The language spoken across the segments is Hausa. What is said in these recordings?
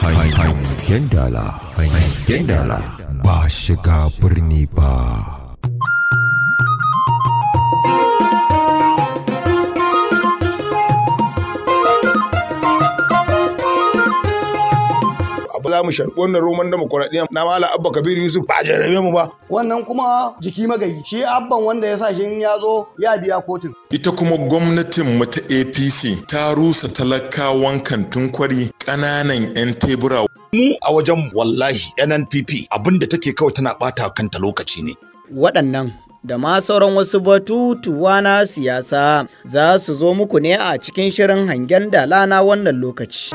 Hai, hai, hai, hai, hai, hai, hai, hai, hai, hai, mu sharɓi wannan roman demokuraɗiyya na mala abba kabir yusuf ba jarabe mu ba. wannan kuma jiki magayi shi abban wanda ya sa shi ya zo ya biya kotun. ita kuma gwamnatin mu ta apc ta rusa talakawan kantun kwari ƙananan 'yan tebura. mu a wajen wallahi nnpp abinda take kawai tana bata kanta lokaci ne. waɗannan da ma sauran wasu batutuwa na siyasa za su zo muku ne a cikin shirin hangen dala na wannan lokaci.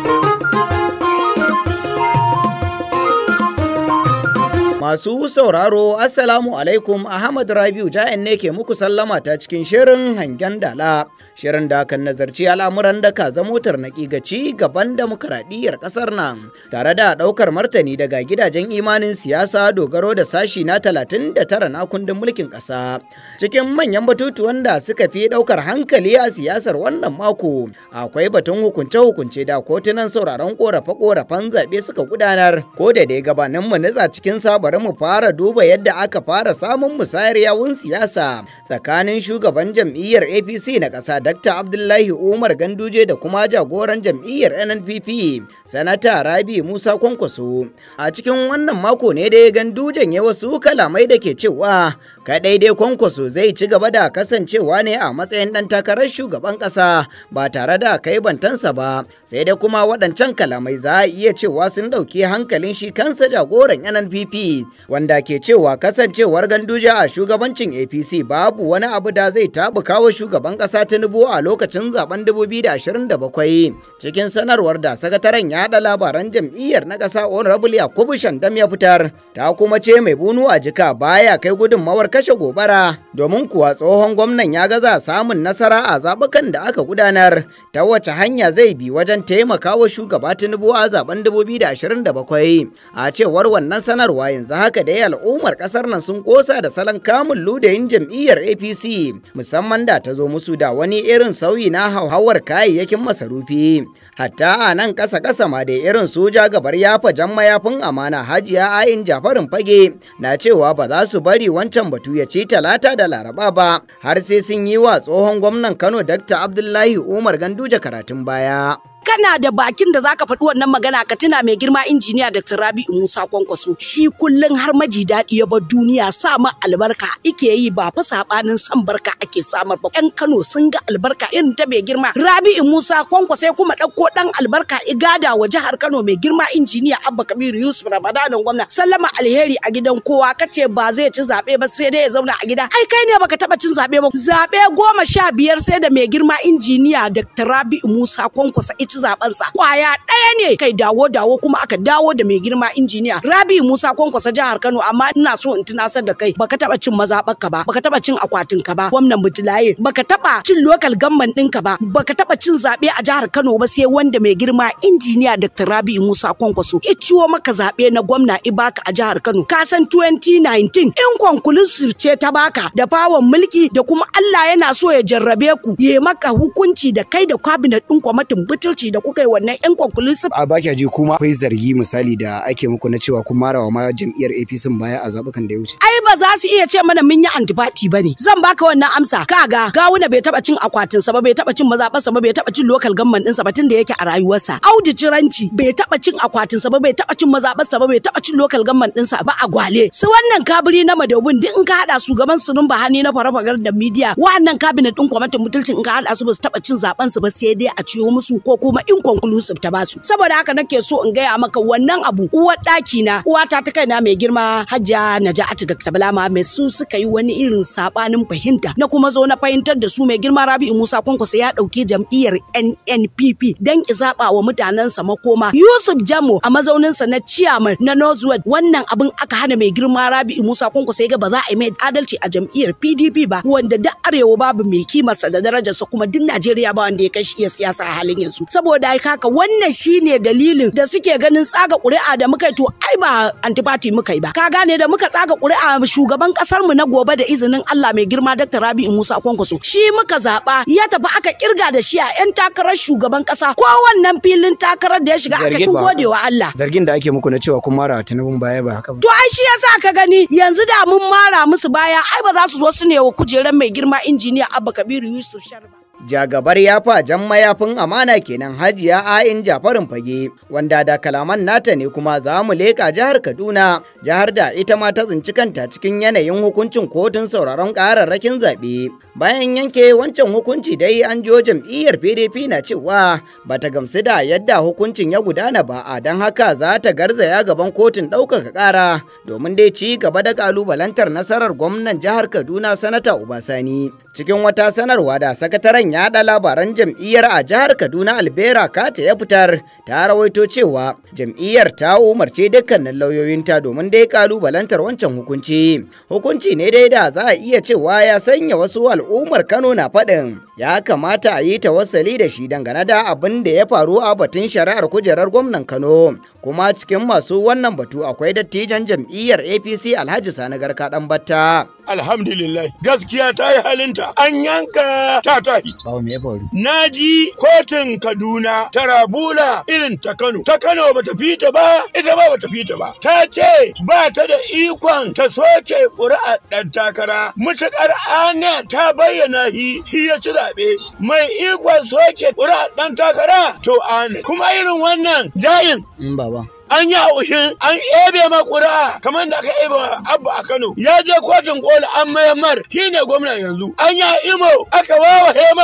Masu sauraro Assalamu alaikum Ahmad Rabiu Ja'in ne ke muku sallama ta cikin shirin hangen dala. Shirin da kan nazarci al'amuran da ka zamo tarnaƙi ga ci gaban demokaraɗiyyar ƙasar nan tare da ɗaukar martani daga gidajen imanin siyasa dogaro da sashi na 39 na kundin mulkin ƙasa. Cikin manyan batutuwan da suka fi ɗaukar hankali a siyasar wannan mako akwai batun hukunce-hukunce da kotunan sauraron ƙorafe-ƙorafen zaɓe suka gudanar ko da dai gabanin mu cikin sabar bari mu fara duba yadda aka fara samun musayar yawun siyasa tsakanin shugaban jam'iyyar APC na ƙasa Dr. Abdullahi Umar Ganduje da kuma jagoran jam'iyyar NNPP Sanata Rabi Musa Kwankwaso. A cikin wannan mako ne dai Gandujen ya wasu kalamai da ke cewa kaɗai dai Kwankwaso zai ci gaba da kasancewa ne a matsayin ɗan takarar shugaban ƙasa ba tare da kai bantansa ba sai dai kuma waɗancan kalamai za a iya cewa sun ɗauki hankalin shi kansa jagoran NNPP wanda ke cewa kasancewar ganduja a shugabancin apc babu wani abu da zai tabu kawo shugaban kasa tinubu a lokacin zaben 2027 cikin sanarwar da sakataren yaɗa labaran jam'iyyar na kasa honorable yakubu dam ya fitar ta kuma ce mai bunu a jika baya kai gudunmawar kashe gobara domin kuwa tsohon gwamnan ya gaza samun nasara a zabukan da aka gudanar ta wace hanya zai bi wajen taimakawa shugaba tinubu a zaben 2027 a cewar wannan sanarwa yanzu yanzu haka dai al'ummar kasar nan sun kosa da salon kamun ludayin jam'iyyar apc musamman da ta zo musu da wani irin sauyi na hauhawar kayayyakin masarufi hatta a nan kasa kasa ma da irin soja gabar yafa jan mayafin amana hajiya ayin jafarin fage na cewa ba za su bari wancan batu ya ci talata da laraba ba har sai sun yi wa tsohon gwamnan kano dr abdullahi umar ganduje karatun baya kana da bakin da zaka faɗi wannan magana ka tuna mai girma injiniya da Rabi'u Musa Kwankwaso shi kullun har maji daɗi ya bar duniya sa ma albarka ike yi ba fa sabanin san barka ake samar ba ɗan Kano sun ga albarka irin ta mai girma Rabi'u Musa Kwankwaso kuma ɗauko ɗan albarka igada wa jihar Kano mai girma injiniya Abba Kabiru Yusuf Ramadanan gwamna sallama alheri a gidan kowa kace ba zai ci zabe ba sai dai ya zauna a gida ai kai ne baka taba cin zabe ba zaɓe goma sha biyar sai da mai girma injiniya Dr. Rabi Musa Kwankwaso ita ci zaben sa kwaya ɗaya ne kai dawo dawo kuma aka dawo da mai girma injiniya Rabi Musa Kwankwasa jihar Kano amma ina so in tunasar da kai baka taba cin mazaɓarka ba baka taba cin akwatin ka ba wannan Mutulaye baka taba cin lokal gamman ɗinka ba baka taba cin zabe a jihar Kano ba sai wanda mai girma injiniya Dr. Rabi Musa Kwankwaso ya ciwo maka zabe na gwamna Ibaka a jihar Kano ka san 2019 in su ce ta baka da fawon mulki da kuma Allah yana so ya jarrabe ku ya maka hukunci da kai da kwabinet ɗin kwamatin butulci hukunci da kuka yi wannan su. a baki ji kuma akwai zargi misali da ake muku na cewa kun marawa ma jam'iyyar APC baya a zabukan da ya wuce ai ba za su iya ce mana mun yi antibati bane zan baka wannan amsa kaga gawuna bai taba cin akwatin sa ba bai taba cin mazaɓar sa ba bai taba cin local gamman din sa ba tun da yake a rayuwarsa Audu jiranci bai taba cin akwatin sa ba bai taba cin mazaɓar sa ba bai taba cin local gamman din sa ba a gwale su wannan kabiri na madobin duk in ka hada su gaban sunun bahani na farfagar da media wannan cabinet din kwamitin mutuncin in ka hada su ba su taba cin zaben su ba sai dai a ciyo musu ko kuma kuma inconclusive ta basu saboda haka nake so in gaya maka wannan abu uwar ɗaki na uwata ta kaina mai girma hajja naja'atu da tabala muhammad su suka yi wani irin sabanin fahimta na kuma zo na fahimtar da su mai girma rabi'u musa kwankwasa ya ɗauki jam'iyyar nnpp don izaɓa wa mutanensa makoma yusuf jamo a mazauninsa na chairman na northwood wannan abin aka hana mai girma rabi'u musa kwankwasa ya ga ba za a yi mai adalci a jam'iyyar pdp ba wanda duk arewa babu mai kimarsa da darajarsa kuma duk najeriya ba wanda ya kashi iya siyasa a halin yanzu saboda haka wannan shine dalilin da suke ganin tsaga ƙuri'a da muka to ai ba antipati muka yi ba ka gane da muka tsaga ƙuri'a shugaban kasar mu na gobe da izinin Allah mai girma Dr. Rabi'u Musa Kwankwaso shi muka zaba ya tafi aka kirga da shi a yan takarar shugaban kasa ko wannan filin takarar da ya shiga aka kin godewa Allah zargin da ake muku na cewa kun mara tunubin baya ba haka to ai shi yasa ka gani yanzu da mun mara musu baya ai ba za su zo su ne wa kujerar mai girma injiniya Abba Kabiru Yusuf Sharma jagabar ya jan mayafin amana kenan hajiya a'in jafarin fage wanda da kalaman nata ne kuma za mu leƙa jihar kaduna jihar da ita ma ta tsinci kanta cikin yanayin hukuncin kotun sauraron ƙararrakin zaɓe bayan yanke wancan hukunci dai an jiyo jam'iyyar pdp na cewa ba ta gamsu da yadda hukuncin ya gudana ba a don haka za ta garzaya gaban kotun ɗaukaka ƙara domin dai ci gaba da ƙalubalantar nasarar gwamnan jihar kaduna sanata ubasani cikin wata sanarwa da sakataren yaɗa labaran jam'iyyar a jihar kaduna albera kata ya fitar ta rawaito cewa jam'iyyar ta umarce dukkanin lauyoyinta domin dai ƙalubalantar wancan hukunci hukunci ne dai da za a iya cewa ya sanya wasu Umar Kano na faɗin ya kamata a yi tawassali da shi dangane da abin da ya faru a batun shari'ar kujerar gwamnan Kano kuma cikin masu wannan batu akwai dattijan jam'iyyar APC Alhaji Sani Garkaɗan Batta alhamdulillah gaskiya ta yi halinta an yanka ta tahi na ji kotun kaduna ta rabula irin ta kano ta kano bata fita ba ita ba bata fita ba ta ce ba ta da ikon ta soke ƙuri'a ɗan takara mutuƙar ana ta bayyana hi shi ya ci zaɓe mai ikon soke ƙuri'ar ɗan takara to ana kuma irin wannan jayin mm, baba an yi haushin an ebe ma kamar da aka ebe abu a Kano ya je kotun koli an mayammar. Shi ne gwamna yanzu an yi imo aka wawaye ma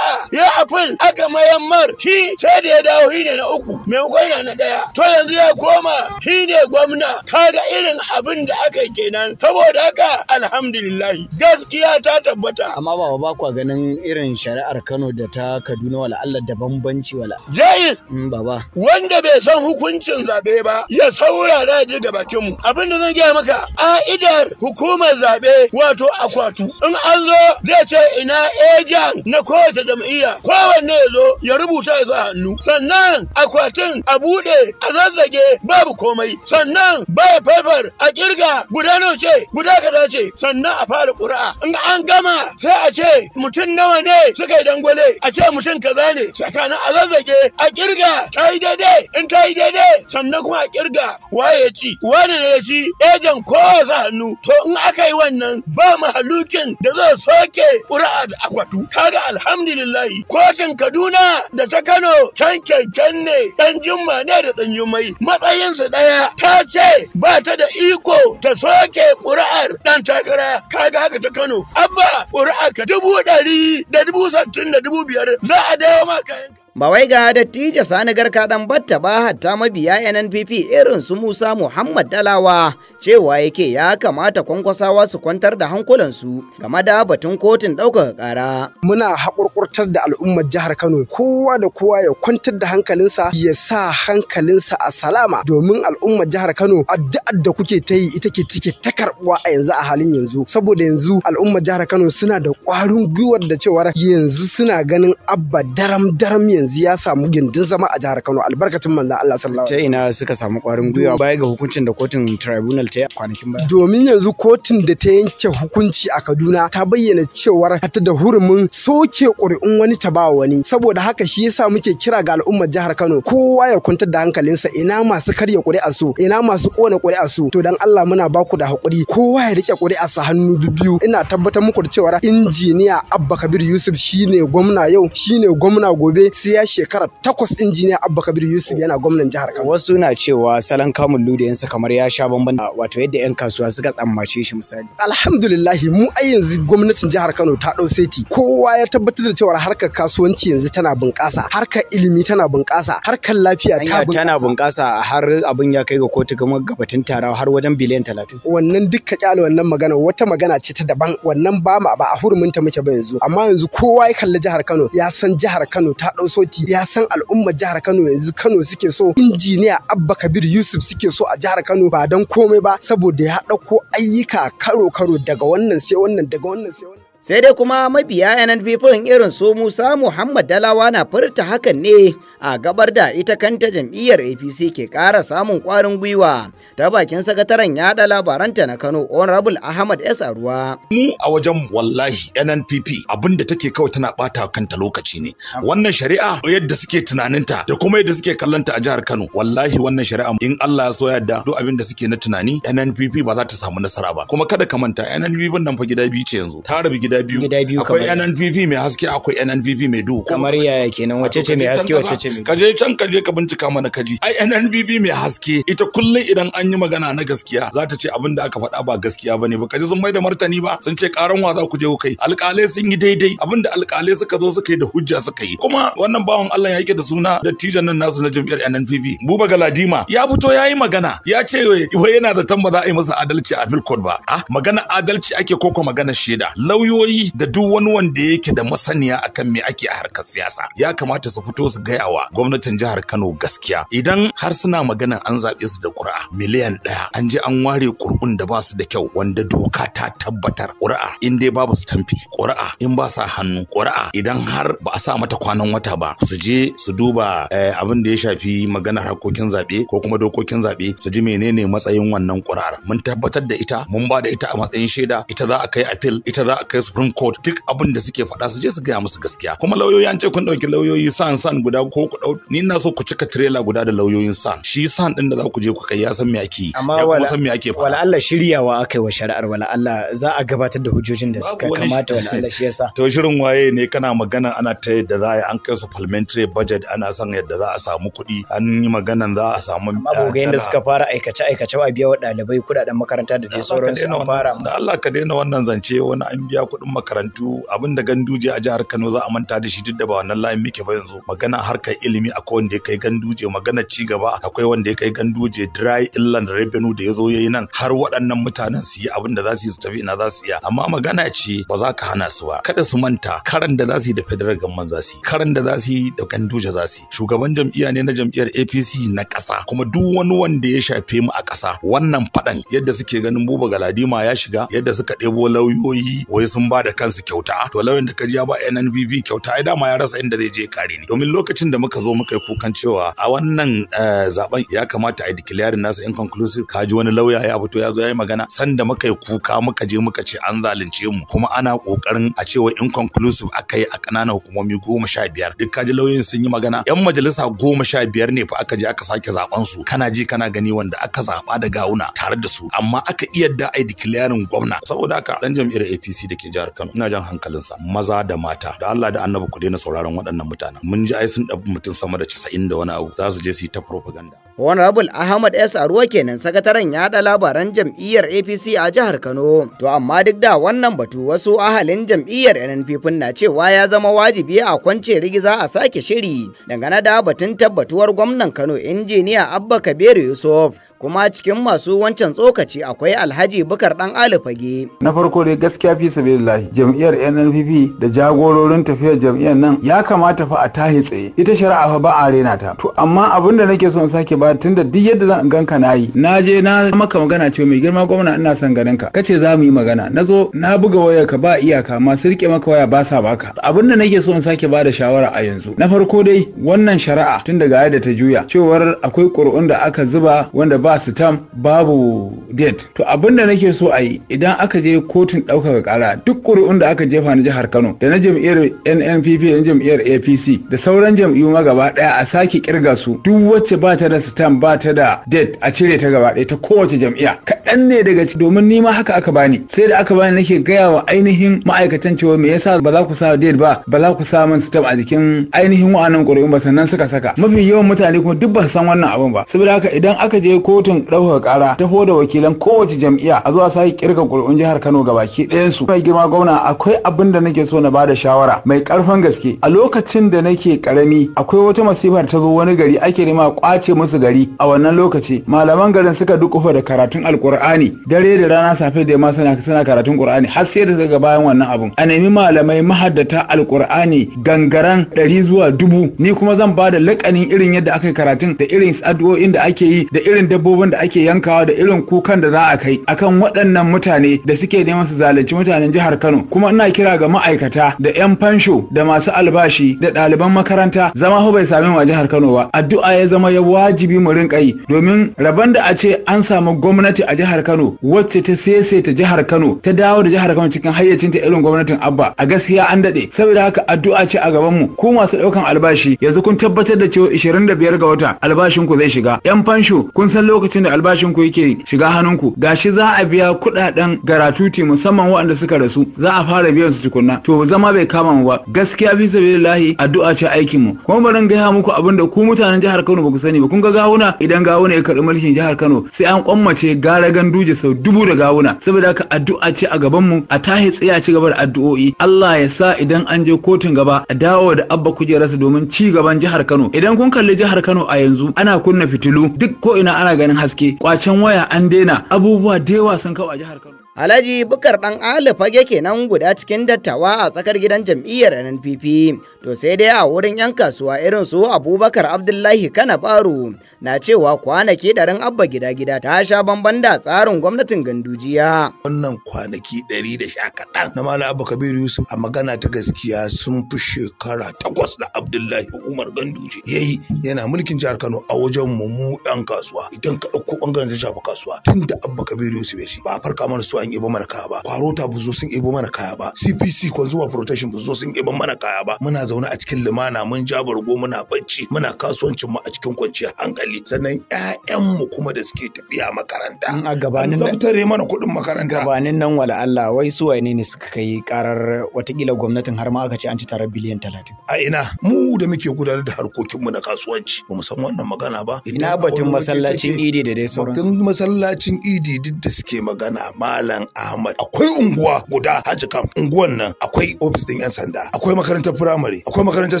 ya afin aka mayar shi sai da ya dawo shi ne na uku maimakon yana na ɗaya to yanzu ya koma Shi ne gwamna kaga irin abin da aka yi kenan saboda haka alhamdulillahi gaskiya ta tabbata amma ba ba kwa ganin irin shari'ar Kano da ta Kaduna wala Allah da bambanci wala jayi mm, baba wanda bai san hukuncin zabe zaɓe ba ya da ji ga bakin mu abin da zan gaya maka aidar hukumar zabe wato akwatu in an zo zai ce ina ejan na kowace jam'iyya kowanne ya zo ya rubuta ya sa hannu sannan akwatin a buɗe a zazzage babu komai sannan baya faifar a kirga guda nawa ce guda kaza ce sannan a fara ƙuri'a in an gama sai a ce mutum nawa ne suka yi dangwale a ce mutum kaza ne tsakanin a zazzage a kirga ta yi daidai in ta yi daidai sannan kuma a kirga waye ci wani ne ya ci ejan kowa sa hannu to in aka yi wannan ba mahalukin da zai soke ƙuri'a da akwatu kaga alhamdulillah kotun kaduna da ta kano can kyankyan ne dan jimma ne da dan jummai matsayinsu ɗaya ta ce ba ta da iko ta soke ƙuri'ar dan takara kaga haka ta kano abba ƙuri'ar ka dubu ɗari da dubu sattin da dubu biyar za a dawo ma kayan Ba wai ga dattijo sani garka dan batta ba hatta mabiya NNPP irin su Musa Muhammad Dalawa cewa yake ya kamata kwankwasawa su kwantar da hankulansu game da batun kotun ɗaukaka ƙara. Muna haƙurƙurtar da al'ummar jihar Kano kowa da kowa ya kwantar da hankalinsa ya sa hankalinsa a salama domin al'ummar jihar Kano addu'ar da kuke ta yi ita ke take ta karɓuwa a yanzu a halin yanzu saboda yanzu al'ummar jihar Kano suna da ƙwarin gwiwar da cewar yanzu suna ganin abba daram daram yanzu. yanzu ya samu gindin zama a jihar Kano albarkacin manzon Allah sallallahu alaihi ta ina suka samu kwarin gwiwa baya ga hukuncin da kotun tribunal ta kwanakin baya domin yanzu kotun da ta yanke hukunci a Kaduna ta bayyana cewar ta da hurumin soke ƙuri'un wani ta ba wani saboda haka shi yasa muke kira ga al'ummar jihar Kano kowa ya kwantar da hankalinsa ina masu karya ƙuri'a su ina masu ƙona ƙuri'a su to dan Allah muna ku da hakuri kowa ya rike ƙuri'a sa hannu biyu ina tabbatar muku da cewa injiniya Abba Kabir Yusuf shine gwamna yau shine gwamna gobe sai ya shekara takwas injiniya Abba Kabir Yusuf yana gwamnan jihar Kano. Wasu na cewa salon kamun yansa kamar ya sha bamban wato yadda 'yan kasuwa suka tsammace shi misali. Alhamdulillah mu a yanzu gwamnatin jihar Kano ta ɗau seti kowa ya tabbatar da cewa harkar kasuwanci yanzu tana bunƙasa harkar ilimi tana bunƙasa harkar lafiya ta bunƙasa. tana bunƙasa har abin ya kai ga kotu kuma gabatin tara har wajen biliyan talatin. Wannan dukka kyale wannan magana wata magana ce ta daban wannan ba ma ba a hurumin ta muke ba yanzu amma yanzu kowa ya kalli jihar Kano ya san jihar Kano ta ɗau Dangote ya san al'umma jihar Kano yanzu Kano suke so injiniya Abba Kabir Yusuf suke so a jihar Kano ba don komai ba saboda ya ɗauko ayyuka karo-karo daga wannan sai wannan daga wannan sai wannan sai dai kuma mabiya yanan bifin irin su Musa Muhammad Dalawa na furta hakan ne a gabar da ita kanta jam'iyyar apc ke ƙara samun ƙwarin gwiwa ta bakin sakataren yaɗa labaranta na kano honorable ahmad s aruwa mu a wajen wallahi nnpp abinda take kawai tana ɓata kanta lokaci ne wannan shari'a yadda suke tunaninta da kuma yadda suke kallonta a jihar kano wallahi wannan shari'a in allah ya so yadda duk abin da suke na tunani nnpp ba za ta samu nasara ba kuma kada ka manta nnpp nan fa gida biyu ce yanzu ta rabu gida biyu akwai nnpp mai haske akwai nnpp mai duhu kamar yaya kenan wacce ce mai haske wacce ce ka je can ka je ka bincika mana kaji ai NNBB mai haske ita kullum idan an yi magana na gaskiya za ta ce abin da aka faɗa ba gaskiya bane ba Kaje sun mai da martani ba sun ce karan wa za ku je ku kai alƙalai sun yi daidai abin da alƙalai suka zo suka yi da hujja suka yi kuma wannan bawan Allah ya yake da suna dattijan nan nasu na jam'iyyar NNPP Buba Galadima ya fito ya yi magana ya ce wai yana da ba za a yi masa adalci a Bilkot ba ah magana adalci ake koko magana shaida lauyoyi da duk wani wanda yake da masaniya akan me ake a harkar siyasa ya kamata su fito su gaya wa gwamnatin jihar Kano gaskiya idan har suna magana an zaɓe su da kura miliyan ɗaya an je an ware ƙuri'un da ba su da kyau wanda doka ta tabbatar kura, in dai babu su tamfi ƙuri'a in ba sa hannu kura, idan har ba a sa mata kwanan wata ba su je su duba eh, abin da ya shafi maganar harkokin zaɓe ko kuma dokokin zaɓe su ji menene matsayin wannan ƙuri'ar mun tabbatar da ita mun ba da ita a matsayin shaida ita za a kai appeal ita za a kai supreme court duk abin da suke faɗa su je su gaya musu gaskiya kuma lauyoyi an ce kun ɗauki lauyoyi san san guda ko ku dau ni ina so ku cika trailer guda da lauyoyin san shi san din da za ku je ku kai ya san me ake amma wala san me ake faɗa wala Allah shiryawa akai wa shari'ar wala Allah za a gabatar da hujjojin da suka kamata wala Allah shi yasa to shirin waye ne kana magana ana ta yadda za a yi an kai supplementary budget ana san yadda za a samu kuɗi an yi maganan za a samu amma ga eh, yanda suka fara aikace aikace wa biya wa ɗalibai kuɗaɗen makaranta da dai sauransu an fara da Allah ka daina wannan zance wani an biya kuɗin makarantu abin da ganduje a jihar Kano za a manta da shi duk da ba wannan layin muke ba yanzu magana harkar ilimi akwai wanda ya kai ganduje magana ci gaba akwai wanda ya kai ganduje dry inland revenue da ya zo ya yi nan har waɗannan mutanen su yi abin da za su su tafi ina za su yi amma magana ce ba za ka hana su ba kada su manta karan da za su yi da federal government za su yi karan da za su yi da ganduje za su yi shugaban jam'iyya ne na jam'iyyar APC na ƙasa kuma duk wani wanda ya shafe mu a ƙasa wannan faɗan yadda suke ganin buba galadima ya shiga yadda suka ɗebo lauyoyi wai sun ba da kansu kyauta to lauyan da ka ji ya ba NNPP kyauta ai dama ya rasa inda zai je kare ni domin lokacin da muka zo muka yi kukan cewa a wannan eh, zaben ya kamata a declare nasa inconclusive kaji wani lauya ya fito ya zo ya yi magana sanda muka yi kuka muka je muka ce an zalunce mu kuma ana kokarin a cewa inconclusive aka yi a ƙananan hukumomi goma sha biyar duk kaji lauyoyin sun yi magana yan majalisa goma sha biyar ne fa aka je aka sake zaben su kana ji kana gani wanda aka zaba da gawuna tare da su amma aka iya da ai declaring gwamna saboda haka dan jam'iyyar APC da ke jihar Kano ina jan hankalinsa maza da mata da Allah da Annabi ku daina sauraron waɗannan mutanen mun ji ai sun mutum sama da casa'in da wani abu za su je su yi ta propaganda Honorable Ahmad S. Aruwa kenan sakataren yaɗa labaran jam'iyyar APC a jihar Kano. To amma duk da wannan batu wasu ahalin jam'iyyar NNPP na cewa ya zama wajibi a kwance rigiza a sake shiri dangane da batun tabbatuwar gwamnan Kano injiniya Abba Kabiru Yusuf. kuma cikin masu wancan tsokaci akwai alhaji bukar dan alifage na farko dai gaskiya fi lahi jam'iyyar nnpp da jagororin tafiyar jam'iyyar nan ya kamata fa a tahi tsaye ita shari'a fa ba a rena ta to amma abin da nake so in sake ba tunda duk yadda zan ganka yi na je na maka magana cewa mai girma gwamna ina son ganin ka kace za mu yi magana na zo na buga wayar ka ba iyaka masu rike maka waya ba sa baka abin da nake so in sake ba da shawara a yanzu na farko dai wannan shari'a tun daga da ta juya cewar akwai ƙuri'un da aka zuba wanda ba sitam babu det to abin da nake so a yi idan aka je kotun ɗaukaka ƙara duk ƙuri'un da aka jefa na jihar kano da na jam'iyyar nnpp da jam'iyyar apc da sauran jam'iyyu ma gaba ɗaya a sake kirga su duk wacce ba ta da sitam ba ta da det a cire ta gaba ɗaya ta kowace jam'iyya kaɗan ne daga ciki domin ni ma haka aka bani sai da aka bani nake gaya wa ainihin ma'aikatan cewa me yasa ba za ku sa det ba ba za ku sa man sitam a jikin ainihin wa'annan ƙuri'un ba sannan suka saka mafi yawan mutane kuma duk ba su san wannan abin ba saboda haka idan aka je ko kotun ɗaukar ƙara taho da wakilan kowace jam'iyya a zuwa sake kirga ƙuri'un jihar Kano gabaki ɗayan su. Mai girma gwamna akwai abin da nake so na bada shawara mai ƙarfin gaske a lokacin da nake ƙarami akwai wata masifar ta zo wani gari ake nema kwace musu gari a wannan lokaci malaman garin suka dukufa da karatun alƙur'ani dare da rana safe da yamma suna suna karatun ƙur'ani har sai da suka ga bayan wannan abun. A nemi malamai mahaddata alƙur'ani gangaran ɗari zuwa dubu ni kuma zan bada laƙanin irin yadda aka yi karatun da irin addu'o'in da ake yi da irin dabbobin da ake yankawa da irin kukan da za a kai akan waɗannan mutane da suke neman su zalunci mutanen jihar Kano kuma ina kira ga ma'aikata da 'yan fansho da masu albashi da ɗaliban makaranta zama hu bai sami wa jihar Kano ba addu'a ya zama ya wajibi mu rinka yi domin rabon da a ce an samu gwamnati a jihar Kano wacce ta seseta jihar Kano ta dawo da jihar Kano cikin hayyacinta irin gwamnatin Abba a gaskiya an daɗe saboda haka addu'a ce a gaban mu ku masu ɗaukan albashi yanzu kun tabbatar da cewa 25 ga wata albashin ku zai shiga 'yan fansho kun san lokacin da albashin ku yake shiga hannunku gashi za a biya kuɗaɗen garatuti musamman waɗanda suka rasu za a fara biyan su tukunna to zama bai kama mu ba gaskiya fi sabilillahi addu'a ce aikin mu kuma bari gaya muku abin da ku mutanen jihar Kano ba ku sani ba kun ga gawuna idan gawuna ya karɓi mulkin jihar Kano sai an kwammace gara ganduje sau dubu da gawuna saboda haka addu'a ce a gaban mu a tahi tsaya ci gaba da addu'o'i Allah ya sa idan an je kotun gaba a dawo da abba kujerarsa domin ci gaban jihar Kano idan kun kalli jihar Kano a yanzu ana kunna fitilu duk ko ina ana ganin haske kwacen waya an daina abubuwa da yawa sun kawo a jihar Kano Alhaji Bukar ɗan Ali fage kenan guda cikin dattawa a tsakar gidan jam'iyyar NPP. To sai dai a wurin 'yan kasuwa irin su Abubakar Abdullahi Kana Baro na cewa kwanaki ɗarin abba gida gida ta sha bamban da tsarin gwamnatin gandujiya. Wannan kwanaki ɗari da sha kaɗan na Malam Abba Kabiru Yusuf a magana ta gaskiya sun fi shekara takwas da Abdullahi Umar Ganduje ya yi yana mulkin jihar Kano a wajen mu mu ɗan kasuwa idan ka ɗauko ɓangaren ta shafi kasuwa tun da Abba Kabiru Yusuf ya ce ba a farka mana su an ibo mana kaya ba kwarota bu zo sun ebo mana kaya ba CPC consumer protection bu zo sun ebo mana kaya ba muna zaune a cikin limana mun ja bargo muna bacci muna kasuwancin mu a cikin kwanciyar hankali sannan ƴaƴanmu kuma da suke tafiya makaranta a gabanin zabtare mana kuɗin makaranta gabanin nan wala Allah wai su wane ne suka kai karar watakila gwamnatin har ma aka ce an ci tara biliyan talatin a ina mu da muke gudanar da harkokinmu na kasuwanci ba mu san wannan magana ba ina batun masallacin idi da dai sauransu batun masallacin idi duk da suke magana malam Ahmad akwai unguwa guda Haji Kam unguwan nan akwai ofis ɗin yan sanda akwai makarantar firamare akwai makarantar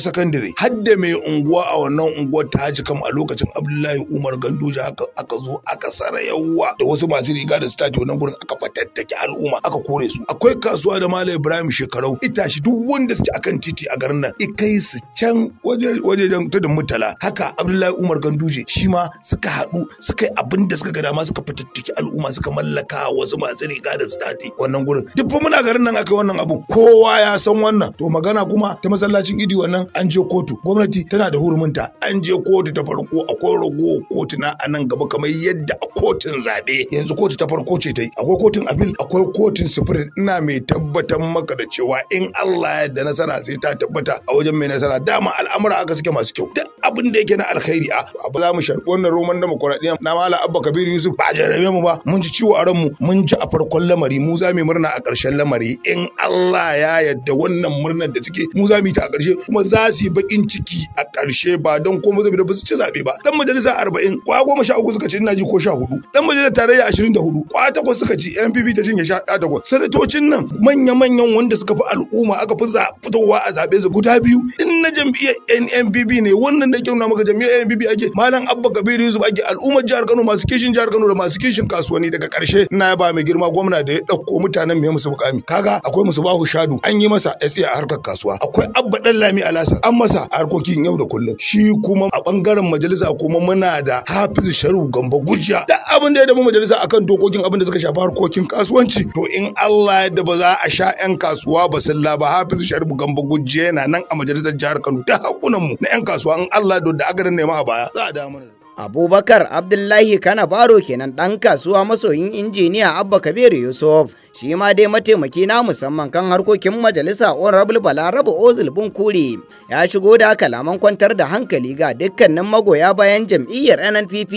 sakandare hadda mai unguwa a wannan unguwar ta Haji Kam a lokacin Abdullahi abdullahi umar gandoja haka aka zo aka sara yawa da wasu masu riga da sitaci wannan gurin aka fatattake al'umma aka kore su akwai kasuwa da malam ibrahim shekarau shi duk wanda suke akan titi a garin nan ikai su can wajejen tudun mutala haka abdullahi umar ganduje shi ma suka haɗu suka yi abin da suka gada ma suka fatattake al'umma suka mallaka wasu masu riga da sitaci wannan gurin duk muna garin nan aka wannan abu kowa ya san wannan to magana kuma ta masallacin idi wannan an je kotu gwamnati tana da huruminta an je kotu ta farko akwai rago kotuna a nan gaba kamar yadda a kotun zaɓe yanzu kotu ta farko ce ta yi akwai kotun apil akwai kotun supreme ina mai tabbatar maka da cewa in Allah ya da nasara sai ta tabbata a wajen mai nasara dama al'amura aka suke masu kyau duk abin da yake na alkhairi a abu za mu sharɓi wannan roman demokuraɗiyya na mala abba kabiru yusuf ba jarabe mu ba mun ji ciwo a ranmu mun ji a farkon lamari mu za mu murna a ƙarshen lamari in Allah ya yadda wannan murnar da suke mu za mu yi ta a ƙarshe kuma za su yi baƙin ciki a ƙarshe ba don kuma zai da ba su ci zaɓe ba dan majalisa arba'in kwa goma sha uku suka ci ina ji ko sha hudu dan majalisar tarayya ashirin da hudu kwa takwas suka ci npp ta cinye sha takwas sanatocin nan manya-manyan wanda suka fi al'umma aka fi fitowa a zaɓe su guda biyu in na jam'iyyar NNPP ne wannan da kirna maka jam'iyyar NNPP ake malam Abba Kabiru Yusuf ake al'ummar jihar Kano masu kishin jihar Kano da masu kishin kasuwanni daga karshe na ba mai girma gwamna da ya ɗauko mutanen mai musu bukami kaga akwai musu bahu shadu an yi masa SA a harkar kasuwa akwai Abba dan lami alasa an masa harkokin yau da kullum shi kuma a bangaren majalisa kuma muna da hafiz sharif gamba gujiya duk abin da ya damu majalisa akan dokokin abin da suka shafi harkokin kasuwanci to in Allah yadda ba za a sha yan kasuwa ba salla ba hafiz sharif gamba gujiya yana nan a majalisar jihar Kano ta hakunan mu na yan kasuwa in Allah da aka nema a baya za a da mana Abubakar Abdullahi kana baro kenan dan kasuwa masoyin injiniya Abba Kabiru Yusuf. shi ma dai mataimaki na musamman kan harkokin majalisa honorable balarabe ozil Bunkuri ya shigo da kalaman kwantar da hankali ga dukkanin magoya bayan jam'iyyar nnpp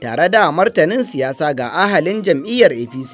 tare da martanin siyasa ga ahalin jam'iyyar apc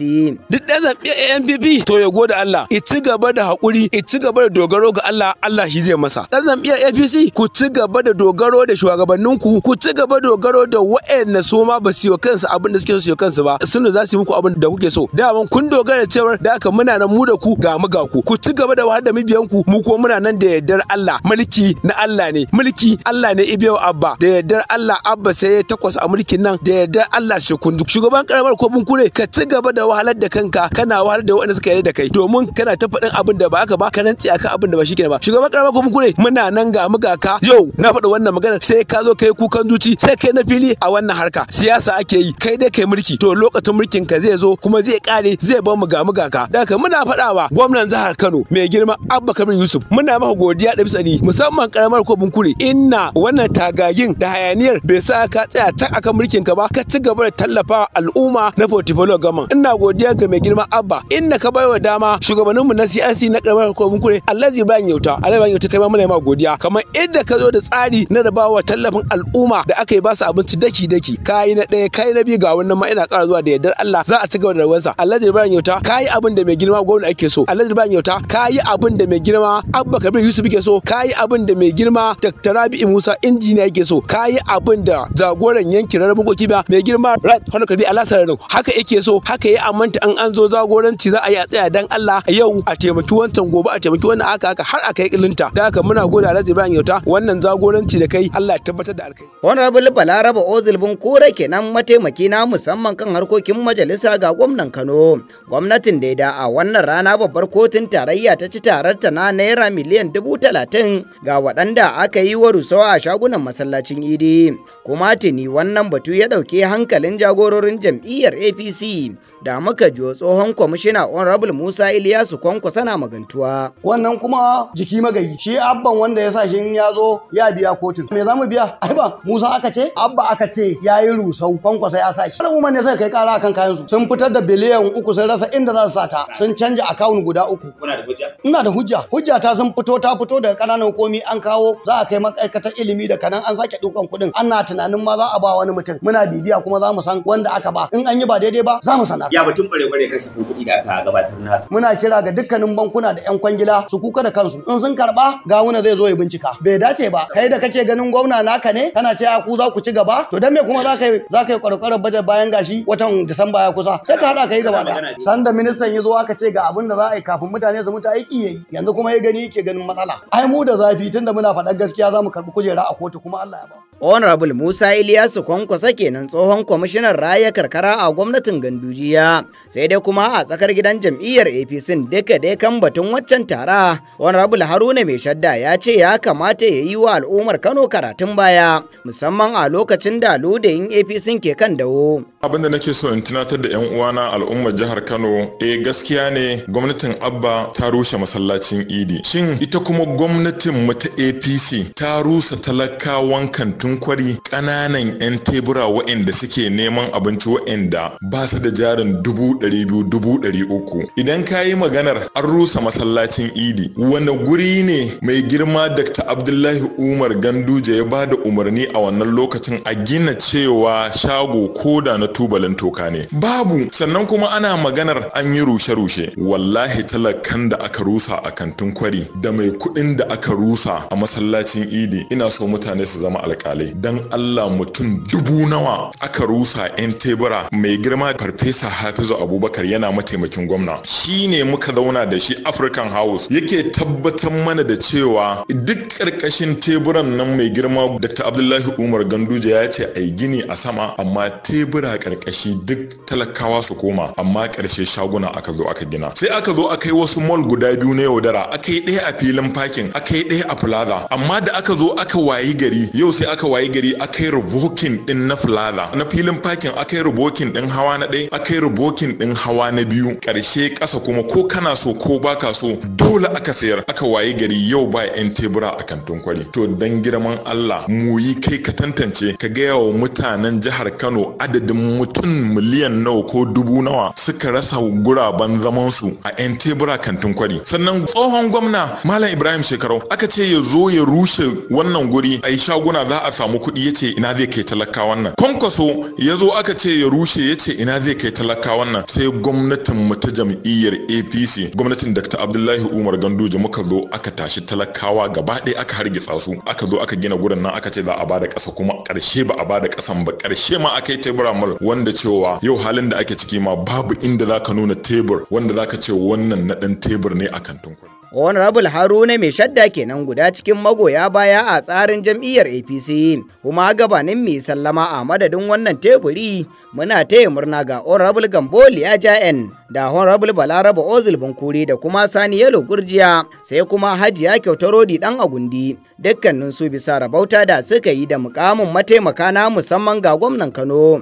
duk ɗan jam'iyyar npp to ya gode allah i ci gaba da haƙuri i ci gaba da dogaro ga allah allah shi zai masa ɗan zaɓe apc ku ci gaba da dogaro da shugabanninku ku ci gaba da dogaro da wa'anda su ma ba su yi kansu abin da suke so su yi kansu ba sun za su yi muku abin da kuke so daman kun dogara cewa sadaurar da haka muna nan mu da ku ga mu ga ku ku ci gaba da wahar da mibiyan ku mu ko muna nan da yardar Allah mulki na Allah ne mulki Allah ne ibiyo abba da yardar Allah abba sai ya takwas a mulkin nan da yardar Allah duk shugaban karamar kofin kure ka ci gaba da wahalar da kanka kana wahalar da waɗanda suka yi da kai domin kana ta faɗin abin da ba haka ba ka rantsi akan abin da ba shi ba shugaban karamar kofin kure muna nan ga mu ga ka yau na faɗa wannan maganar sai ka zo kai kukan zuci sai kai na fili a wannan harka siyasa ake yi kai dai kai mulki to lokacin mulkin ka zai zo kuma zai kare zai ba mu ga mu buga ka da ka muna faɗawa gwamnan jihar Kano mai girma Abba Kabir Yusuf muna maka godiya da bisa musamman karamar kofin kure inna wannan tagagin da hayaniyar bai sa ka tsaya tan akan mulkin ka ba ka ci gaba da tallafa al'umma na portfolio gaman ina godiya ga mai girma Abba inna ka wa dama shugabanninmu na CRC na karamar kofin kure Alhaji Ibrahim Yauta Alhaji Ibrahim Yauta kai ma muna ma godiya kamar inda ka zo da tsari na rabawa tallafin al'umma da aka yi ba su abinci daki daki kai na ɗaya kai na biyu ga wannan ma ina ƙara zuwa da yardar Allah za a ci gaba da rawansa Alhaji Ibrahim Yauta kai kayi abin da mai girma gwamna ake so alhaji ban yauta kayi abin da mai girma abba kabir yusuf ke so kayi abin da mai girma dr Rabi'u musa injiniya yake so kayi abin da zagoran yankin rarrabin goki ba mai girma rat hono kabir alasarin haka yake so haka ya amanta an an zo zagoranci za a yi a tsaya dan Allah yau a taimaki wancan gobe a taimaki wannan aka aka har aka yi kilinta da haka muna gode alhaji ban yauta wannan zagoranci da kai Allah ya tabbatar da alkai honorable balaraba ozil bin kore kenan mataimaki na musamman kan harkokin majalisa ga gwamnan Kano gwamnatin kotun da a wannan rana babbar kotun tarayya ta ci tararta na naira miliyan dubu talatin ga waɗanda aka yi wa rusawa a shagunan masallacin idi kuma tuni wannan batu ya ɗauki hankalin jagororin jam'iyyar apc da muka jiwa tsohon kwamishina honorable musa iliyasu kwankwasa na magantuwa wannan kuma jiki magayi shi abban wanda ya sa in ya zo ya biya kotun me zamu biya ai ba musa aka ce abba aka ce ya yi rusau kwankwasa ya sa shi al'umma ne suka kai kara akan kayan su sun fitar da biliyan uku sun rasa inda za su sata sun canja akawun guda uku kuna da hujja ina da hujja hujja ta sun fito ta fito daga kananan komi an kawo za a kai ma'aikatar ilimi da kanan an sake dukan kuɗin ana tunanin ma za a ba wani mutum muna bibiya kuma za mu san wanda aka ba in an yi ba daidai ba za mu sanar ya batun bare bare kan sifin kuɗi da aka gabatar na muna kira ga dukkanin bankuna da yan kwangila su kuka da kansu in sun karba gawuna zai zo ya bincika bai dace ba kai da kake ganin gwamna naka ne kana ce a ku za ku ci gaba to dan me kuma za ka yi za ka yi kwarkwarar bayan gashi watan Disamba ya kusa sai ka hada kai gaba sanda ministan ya zo aka ce ga abin da za a yi kafin mutane su mutu aiki iya yi yanzu kuma ya gani yake ganin matsala ai mu da zafi tunda muna faɗar gaskiya zamu mu karɓi kujera a kotu kuma Allah ya ba honorable musa iliyasu kwankwasa kenan tsohon kwamishinan raya karkara a gwamnatin gandujiya sai dai kuma a tsakar gidan jam'iyyar apc duka dai kan batun waccan tara honorable haruna mai shadda ya ce ya kamata ya yi wa al'ummar kano karatun baya musamman a lokacin da ludayin apc ke kan dawo abin da nake so in tunatar da yan uwana al'ummar jihar kano eh gaskiya ne gwamnatin abba ta rushe masallacin idi shin ita kuma gwamnatin mu ta apc ta rusa talakawan kan Tunkwari, kwari ƙananan 'yan tebura waɗanda suke neman abinci waɗanda ba su da jarin dubu ɗari biyu dubu ɗari uku idan ka yi maganar an rusa masallacin idi wani guri ne mai girma dr abdullahi umar ganduje ya ba da umarni a wannan lokacin a gina cewa shago ko da na tubalin toka ne babu sannan kuma ana maganar an yi rushe-rushe wallahi talakan da aka rusa a kantin kwari da mai kuɗin da aka rusa a masallacin idi ina so mutane su zama alƙali misalai dan Allah mutum dubu nawa aka rusa yan tebura mai girma farfesa Hafizu Abubakar yana mataimakin gwamna shi ne muka zauna da shi African House yake tabbatar mana da cewa duk karkashin teburan nan mai girma Dr. Abdullahi Umar Ganduje ya ce ai gini a sama amma tebura karkashi duk talakawa su koma amma karshe shaguna aka zo aka gina sai aka zo aka yi wasu mall guda biyu na yaudara aka yi ɗaya a filin parking aka yi ɗaya a plaza amma da aka zo aka wayi gari yau sai aka aka waye gari aka yi rubokin din na plaza na filin pakin aka yi rubokin din hawa na ɗaya aka yi rubokin din hawa na biyu ƙarshe ƙasa kuma ko kana so ko baka so dole aka sayar aka waye gari yau ba 'yan tebura a kantin kwari to dan girman Allah mu yi kai ka tantance ka gaya wa mutanen jihar Kano adadin mutum miliyan nawa ko dubu nawa suka rasa guraben zaman su a 'yan tebura kantin kwari sannan tsohon gwamna Malam Ibrahim Shekarau aka ce ya zo ya rushe wannan guri a yi shaguna za a samu kuɗi ya ce ina zai kai talakawan nan kwankwaso ya zo aka ce ya rushe ya ce ina zai kai talakawan nan sai gwamnatin mu ta jam'iyyar apc gwamnatin dr abdullahi umar ganduje muka zo aka tashi talakawa gaba ɗaya aka hargitsa su aka zo aka gina gurin nan aka ce za a bada ƙasa kuma ƙarshe ba a bada ƙasan ba ƙarshe ma aka yi tebura mul wanda cewa yau halin da ake ciki ma babu inda zaka nuna tebur wanda zaka ce wannan na ɗan tebur ne a kantin kuɗi honorable haruna mai shadda kenan guda cikin magoya baya a tsarin jam'iyyar apc kuma gabanin mai sallama a madadin wannan teburi muna taya murna ga honorable gamboli ya ja'en da honorable balaraba ozil bunkuri da kuma sani yalo gurjiya sai kuma hajiya kyautarodi dan agundi dukkanin su bisa rabauta da suka yi da mukamin mataimaka na musamman ga gwamnan kano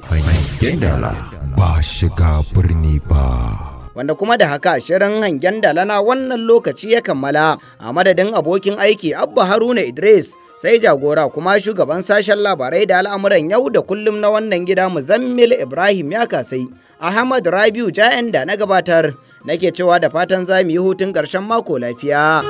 ba shiga birni ba wanda kuma da haka shirin hangen dalana wannan lokaci ya kammala a madadin abokin aiki abba haruna idris sai jagora kuma shugaban sashen labarai da al'amuran yau da kullum na wannan gida mu Zammil ibrahim ya kasai ahmad rabiu ja'en da na gabatar nake cewa da fatan za mu yi hutun karshen mako lafiya.